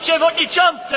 przewodniczący!